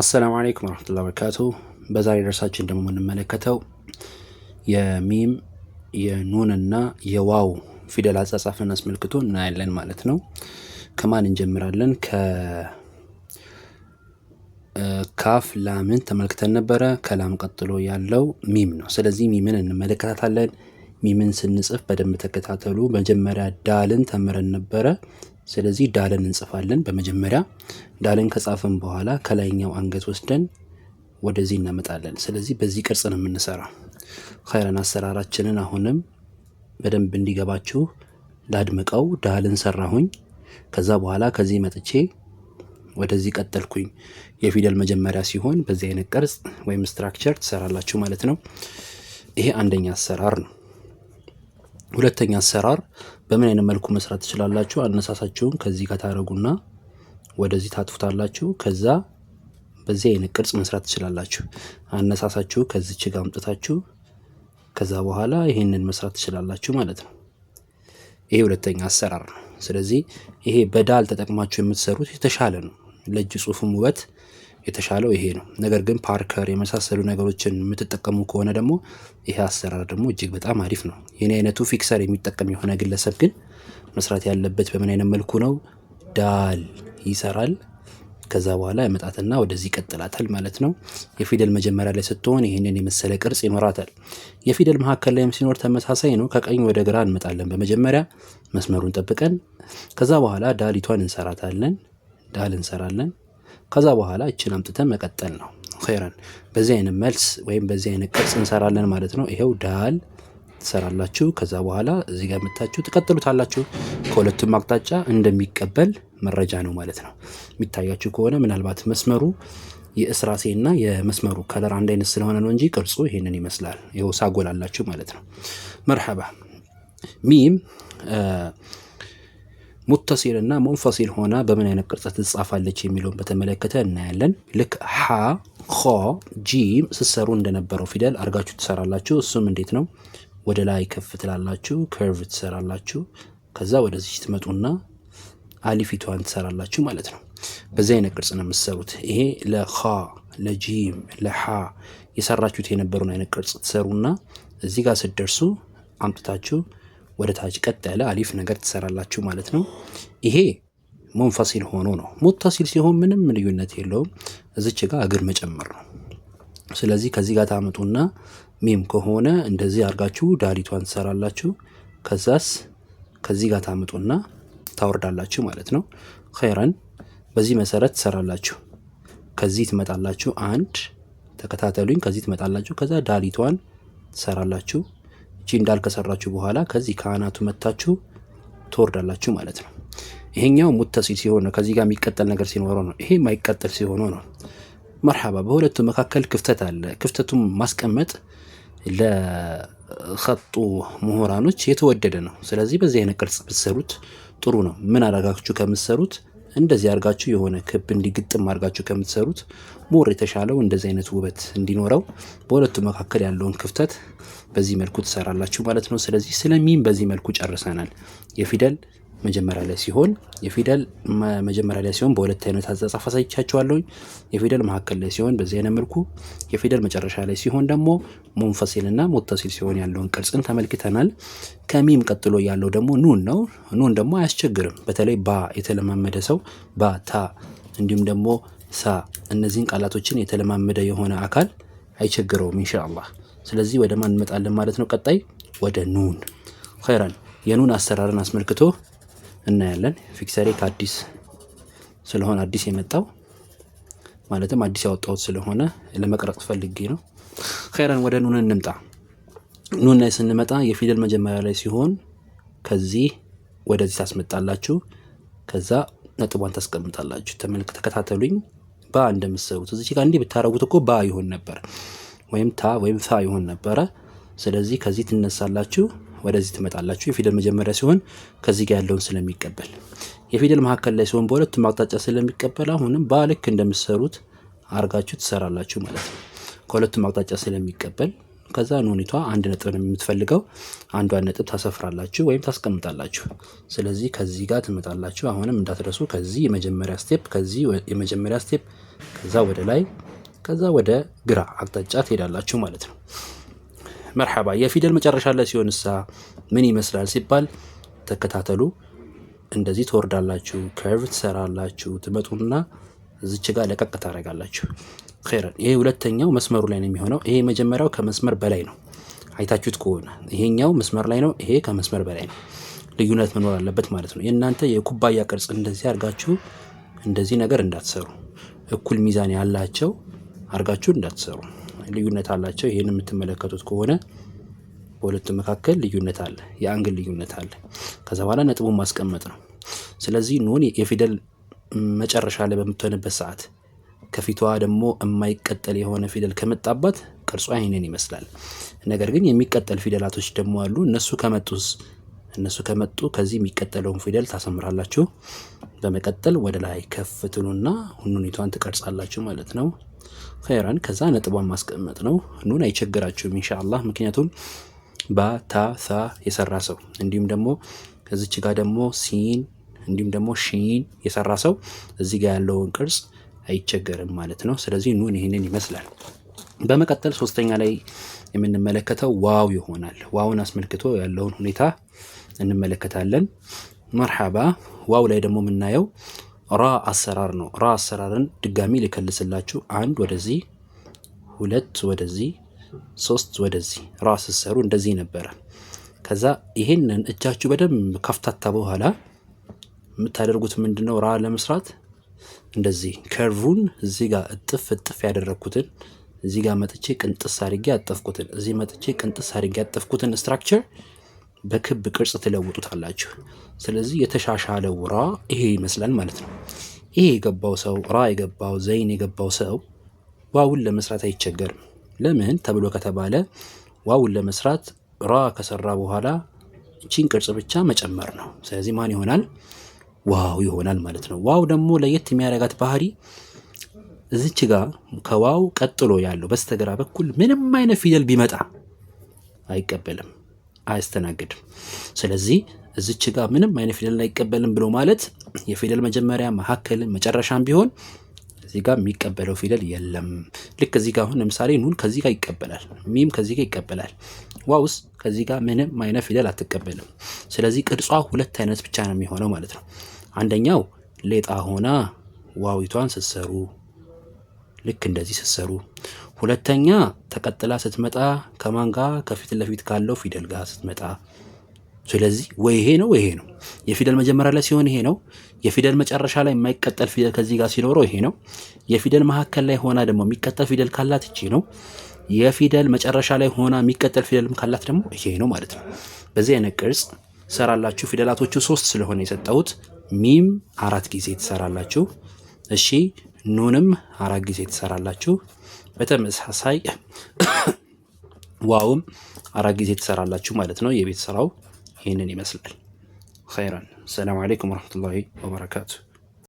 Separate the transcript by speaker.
Speaker 1: አሰላሙ አለይኩም ወረህመቱላሂ በረካቱ በዛሬ ደርሳችን ደግሞ የምንመለከተው የሚም የኑንና የዋው ፊደል አጻጻፍን አስመልክቶ እናያለን ማለት ነው። ከማን እንጀምራለን? ከካፍ ላምን ተመልክተን ነበረ። ከላም ቀጥሎ ያለው ሚም ነው። ስለዚህ ሚምን እንመለከታታለን። ሚምን ስንጽፍ በደንብ ተከታተሉ። መጀመሪያ ዳልን ተምረን ነበረ። ስለዚህ ዳልን እንጽፋለን። በመጀመሪያ ዳልን ከጻፍን በኋላ ከላይኛው አንገት ወስደን ወደዚህ እናመጣለን። ስለዚህ በዚህ ቅርጽ ነው የምንሰራው። ኸይረን አሰራራችንን አሁንም በደንብ እንዲገባችሁ ላድምቀው። ዳልን ሰራሁኝ። ከዛ በኋላ ከዚህ መጥቼ ወደዚህ ቀጠልኩኝ። የፊደል መጀመሪያ ሲሆን በዚህ አይነት ቅርጽ ወይም ስትራክቸር ትሰራላችሁ ማለት ነው። ይሄ አንደኛ አሰራር ነው። ሁለተኛ አሰራር በምን አይነት መልኩ መስራት ትችላላችሁ? አነሳሳችሁን ከዚህ ታረጉና ወደዚህ ታጥፉታላችሁ። ከዛ በዚህ አይነት ቅርጽ መስራት ትችላላችሁ። አነሳሳችሁ ከዚች ጋር አምጥታችሁ ከዛ በኋላ ይህንን መስራት ትችላላችሁ ማለት ነው። ይሄ ሁለተኛ አሰራር ነው። ስለዚህ ይሄ በዳል ተጠቅማችሁ የምትሰሩት የተሻለ ነው። ለእጅ ጽሁፍም ውበት የተሻለው ይሄ ነው። ነገር ግን ፓርከር የመሳሰሉ ነገሮችን የምትጠቀሙ ከሆነ ደግሞ ይሄ አሰራር ደግሞ እጅግ በጣም አሪፍ ነው። የኔ አይነቱ ፊክሰር የሚጠቀም የሆነ ግለሰብ ግን መስራት ያለበት በምን አይነት መልኩ ነው? ዳል ይሰራል። ከዛ በኋላ ያመጣትና ወደዚህ ይቀጥላታል ማለት ነው። የፊደል መጀመሪያ ላይ ስትሆን ይህንን የመሰለ ቅርጽ ይኖራታል። የፊደል መካከል ላይም ሲኖር ተመሳሳይ ነው። ከቀኝ ወደ ግራ እንመጣለን። በመጀመሪያ መስመሩን ጠብቀን ከዛ በኋላ ዳሊቷን እንሰራታለን። ዳል እንሰራለን። ከዛ በኋላ እችን አምጥተን መቀጠል ነው። ኸይረን በዚህ አይነት መልስ ወይም በዚህ አይነት ቅርጽ እንሰራለን ማለት ነው። ይሄው ዳል ትሰራላችሁ። ከዛ በኋላ እዚህ ጋር መታችሁ ትቀጥሉታላችሁ። ከሁለቱም አቅጣጫ እንደሚቀበል መረጃ ነው ማለት ነው። የሚታያችሁ ከሆነ ምናልባት መስመሩ እና የመስመሩ ከለር አንድ አይነት ስለሆነ ነው እንጂ ቅርጹ ይሄንን ይመስላል። ይኸው ሳጎላላችሁ ማለት ነው። መርሐባ ሚም ሙተሲል እና ሙንፈሲል ሆና በምን አይነት ቅርጽ ትጻፋለች የሚለውን በተመለከተ እናያለን። ልክ ሀ፣ ኸ፣ ጂም ስትሰሩ እንደነበረው ፊደል አድርጋችሁ ትሰራላችሁ። እሱም እንዴት ነው? ወደ ላይ ከፍ ትላላችሁ፣ ከርቭ ትሰራላችሁ። ከዛ ወደዚች ትመጡና አሊፊቷን ትሰራላችሁ ማለት ነው። በዚህ አይነት ቅርጽ ነው የምትሰሩት። ይሄ ለኸ፣ ለጂም፣ ለሀ የሰራችሁት የነበረውን አይነት ቅርጽ ትሰሩና እዚህ ጋር ስትደርሱ አምጥታችሁ ወደ ታች ቀጥ ያለ አሊፍ ነገር ትሰራላችሁ ማለት ነው። ይሄ ሙንፈሲል ሆኖ ነው። ሙተሲል ሲሆን ምንም ልዩነት የለውም። እዚች ጋር እግር መጨመር ነው። ስለዚህ ከዚህ ጋር ታመጡና ሚም ከሆነ እንደዚህ አድርጋችሁ ዳሊቷን ትሰራላችሁ። ከዛስ ከዚህ ጋር ታመጡና ታወርዳላችሁ ማለት ነው። ኸይረን በዚህ መሰረት ትሰራላችሁ። ከዚህ ትመጣላችሁ። አንድ ተከታተሉኝ። ከዚህ ትመጣላችሁ። ከዛ ዳሪቷን ትሰራላችሁ። ቺ እንዳል ከሰራችሁ በኋላ ከዚህ ካህናቱ መታችሁ ትወርዳላችሁ ማለት ነው። ይሄኛው ሙተሲል ሲሆን ነው። ከዚህ ጋር የሚቀጠል ነገር ሲኖረው ነው። ይሄ የማይቀጠል ሲሆነው ነው። መርሓባ። በሁለቱ መካከል ክፍተት አለ። ክፍተቱን ማስቀመጥ ለከጡ ምሁራኖች የተወደደ ነው። ስለዚህ በዚህ አይነት ቅርጽ ብትሰሩት ጥሩ ነው። ምን አረጋችሁ ከምትሰሩት እንደዚህ አርጋችሁ የሆነ ክብ እንዲግጥም አርጋችሁ ከምትሰሩት ሞር የተሻለው እንደዚህ አይነት ውበት እንዲኖረው በሁለቱ መካከል ያለውን ክፍተት በዚህ መልኩ ትሰራላችሁ ማለት ነው። ስለዚህ ስለ ሚም በዚህ መልኩ ጨርሰናል። የፊደል መጀመሪያ ላይ ሲሆን የፊደል መጀመሪያ ላይ ሲሆን በሁለት አይነት አጻጻፍ አሳይቻችኋለሁ። የፊደል መካከል ላይ ሲሆን በዚህ አይነት መልኩ፣ የፊደል መጨረሻ ላይ ሲሆን ደግሞ እና ሙተሲል ሲሆን ያለውን ቅርጽን ተመልክተናል። ከሚም ቀጥሎ ያለው ደግሞ ኑን ነው። ኑን ደግሞ አያስቸግርም። በተለይ ባ የተለማመደ ሰው ባ፣ ታ እንዲሁም ደግሞ ሳ እነዚህን ቃላቶችን የተለማመደ የሆነ አካል አይቸግረውም ኢንሻአላህ። ስለዚህ ወደ ማን እንመጣለን ማለት ነው? ቀጣይ ወደ ኑን ኸይራን። የኑን አሰራርን አስመልክቶ እናያለን። ፊክሰሬ ከአዲስ ስለሆነ አዲስ የመጣው ማለትም አዲስ ያወጣሁት ስለሆነ ለመቅረጽ ፈልጌ ነው። ኸይራን ወደ ኑን እንምጣ። ኑን ላይ ስንመጣ የፊደል መጀመሪያ ላይ ሲሆን ከዚህ ወደዚህ ታስመጣላችሁ። ከዛ ነጥቧን ታስቀምጣላችሁ። ተመልክ ተከታተሉኝ። ባ እንደምትሰሩት እዚህ ጋር እንዲህ ብታረጉት እኮ ባ ይሆን ነበር። ወይም ታ ወይም ታ ይሆን ነበረ። ስለዚህ ከዚህ ትነሳላችሁ ወደዚህ ትመጣላችሁ። የፊደል መጀመሪያ ሲሆን ከዚህ ጋር ያለውን ስለሚቀበል የፊደል መካከል ላይ ሲሆን በሁለቱም አቅጣጫ ስለሚቀበል አሁንም ባልክ እንደምትሰሩት አርጋችሁ ትሰራላችሁ ማለት ነው። ከሁለቱም አቅጣጫ ስለሚቀበል ከዛ ኖኒቷ አንድ ነጥብ ነው የምትፈልገው። አንዷን ነጥብ ታሰፍራላችሁ ወይም ታስቀምጣላችሁ። ስለዚህ ከዚህ ጋር ትመጣላችሁ። አሁንም እንዳትረሱ። ከዚህ የመጀመሪያ ስቴፕ፣ ከዚህ የመጀመሪያ ስቴፕ፣ ከዛ ወደ ላይ ከዛ ወደ ግራ አቅጣጫ ትሄዳላችሁ ማለት ነው። መርሐባ የፊደል መጨረሻ ላይ ሲሆን እሳ ምን ይመስላል ሲባል ተከታተሉ። እንደዚህ ትወርዳላችሁ፣ ከርቭ ትሰራላችሁ፣ ትመጡና እዚች ጋር ለቀቅ ታደርጋላችሁ። ኸይረን ይሄ ሁለተኛው መስመሩ ላይ ነው የሚሆነው። ይሄ መጀመሪያው ከመስመር በላይ ነው። አይታችሁት ከሆነ ይሄኛው መስመር ላይ ነው፣ ይሄ ከመስመር በላይ ነው። ልዩነት መኖር አለበት ማለት ነው። የእናንተ የኩባያ ቅርጽ እንደዚህ አድርጋችሁ እንደዚህ ነገር እንዳትሰሩ። እኩል ሚዛን ያላቸው አድርጋችሁ እንዳትሰሩ። ልዩነት አላቸው። ይህን የምትመለከቱት ከሆነ በሁለቱ መካከል ልዩነት አለ፣ የአንግል ልዩነት አለ። ከዛ በኋላ ነጥቡን ማስቀመጥ ነው። ስለዚህ ኑን የፊደል መጨረሻ ላይ በምትሆንበት ሰዓት ከፊቷ ደግሞ የማይቀጠል የሆነ ፊደል ከመጣባት ቅርጿ ይህንን ይመስላል። ነገር ግን የሚቀጠል ፊደላቶች ደግሞ አሉ። እነሱ ከመጡስ እነሱ ከመጡ ከዚህ የሚቀጠለውን ፊደል ታሰምራላችሁ። በመቀጠል ወደ ላይ ከፍትኑና ሁኑኒቷን ትቀርጻላችሁ ማለት ነው። ኸይራን ከዛ ነጥቧን ማስቀመጥ ነው። ኑን አይቸግራችሁም ኢንሻአላህ። ምክንያቱም ባ ታ ሳ የሰራ ሰው እንዲሁም ደግሞ ከዚች ጋር ደግሞ ሲን እንዲሁም ደግሞ ሺን የሰራ ሰው እዚህ ጋር ያለውን ቅርጽ አይቸገርም ማለት ነው። ስለዚህ ኑን ይህንን ይመስላል። በመቀጠል ሶስተኛ ላይ የምንመለከተው ዋው ይሆናል። ዋውን አስመልክቶ ያለውን ሁኔታ እንመለከታለን። መርሓባ ዋው ላይ ደግሞ የምናየው ራ አሰራር ነው። ራ አሰራርን ድጋሚ ልከልስላችሁ። አንድ ወደዚህ፣ ሁለት ወደዚህ፣ ሶስት ወደዚህ። ራ ስትሰሩ እንደዚህ ነበረ። ከዛ ይሄንን እጃችሁ በደንብ ከፍታታ በኋላ የምታደርጉት ምንድነው? ራ ለመስራት እንደዚህ ከርቭን እዚህ ጋር እጥፍ እጥፍ ያደረግኩትን እዚህ ጋር መጥቼ ቅንጥስ አድርጌ ያጠፍኩትን እዚህ መጥቼ ቅንጥስ አድርጌ ያጠፍኩትን ስትራክቸር በክብ ቅርጽ ትለውጡታላችሁ። ስለዚህ የተሻሻለው ራ ይሄ ይመስላል ማለት ነው። ይሄ የገባው ሰው ራ የገባው ዘይን የገባው ሰው ዋውን ለመስራት አይቸገርም። ለምን ተብሎ ከተባለ ዋውን ለመስራት ራ ከሰራ በኋላ እቺን ቅርጽ ብቻ መጨመር ነው። ስለዚህ ማን ይሆናል? ዋው ይሆናል ማለት ነው። ዋው ደግሞ ለየት የሚያደርጋት ባህሪ እዚች ጋር ከዋው ቀጥሎ ያለው በስተግራ በኩል ምንም አይነት ፊደል ቢመጣ አይቀበልም። አያስተናግድም። ስለዚህ እዚች ጋር ምንም አይነት ፊደልን አይቀበልም ብሎ ማለት የፊደል መጀመሪያ መካከልን መጨረሻም ቢሆን እዚህ ጋር የሚቀበለው ፊደል የለም። ልክ እዚህ ጋር አሁን ለምሳሌ ኑን ከዚህ ጋር ይቀበላል፣ ሚም ከዚህ ጋር ይቀበላል፣ ዋውስ ከዚህ ጋር ምንም አይነት ፊደል አትቀበልም። ስለዚህ ቅርጿ ሁለት አይነት ብቻ ነው የሚሆነው ማለት ነው። አንደኛው ሌጣ ሆና ዋዊቷን ስትሰሩ ልክ እንደዚህ ስትሰሩ ሁለተኛ ተቀጥላ ስትመጣ ከማን ጋር? ከፊት ለፊት ካለው ፊደል ጋር ስትመጣ። ስለዚህ ወይ ይሄ ነው ወይ ይሄ ነው። የፊደል መጀመሪያ ላይ ሲሆን ይሄ ነው። የፊደል መጨረሻ ላይ የማይቀጠል ፊደል ከዚህ ጋር ሲኖረው ይሄ ነው። የፊደል መካከል ላይ ሆና ደግሞ የሚቀጠል ፊደል ካላት ይቺ ነው። የፊደል መጨረሻ ላይ ሆና የሚቀጠል ፊደልም ካላት ደግሞ ይሄ ነው ማለት ነው። በዚህ አይነት ቅርጽ ሰራላችሁ። ፊደላቶቹ ሶስት ስለሆነ የሰጠሁት ሚም አራት ጊዜ ትሰራላችሁ። እሺ ኑንም አራት ጊዜ ትሰራላችሁ። በተመሳሳይ ዋውም አራት ጊዜ ትሰራላችሁ ማለት ነው። የቤት ስራው ይህንን ይመስላል። ኸይረን። ሰላም አሌይኩም ወረሕመቱላሂ ወበረካቱ።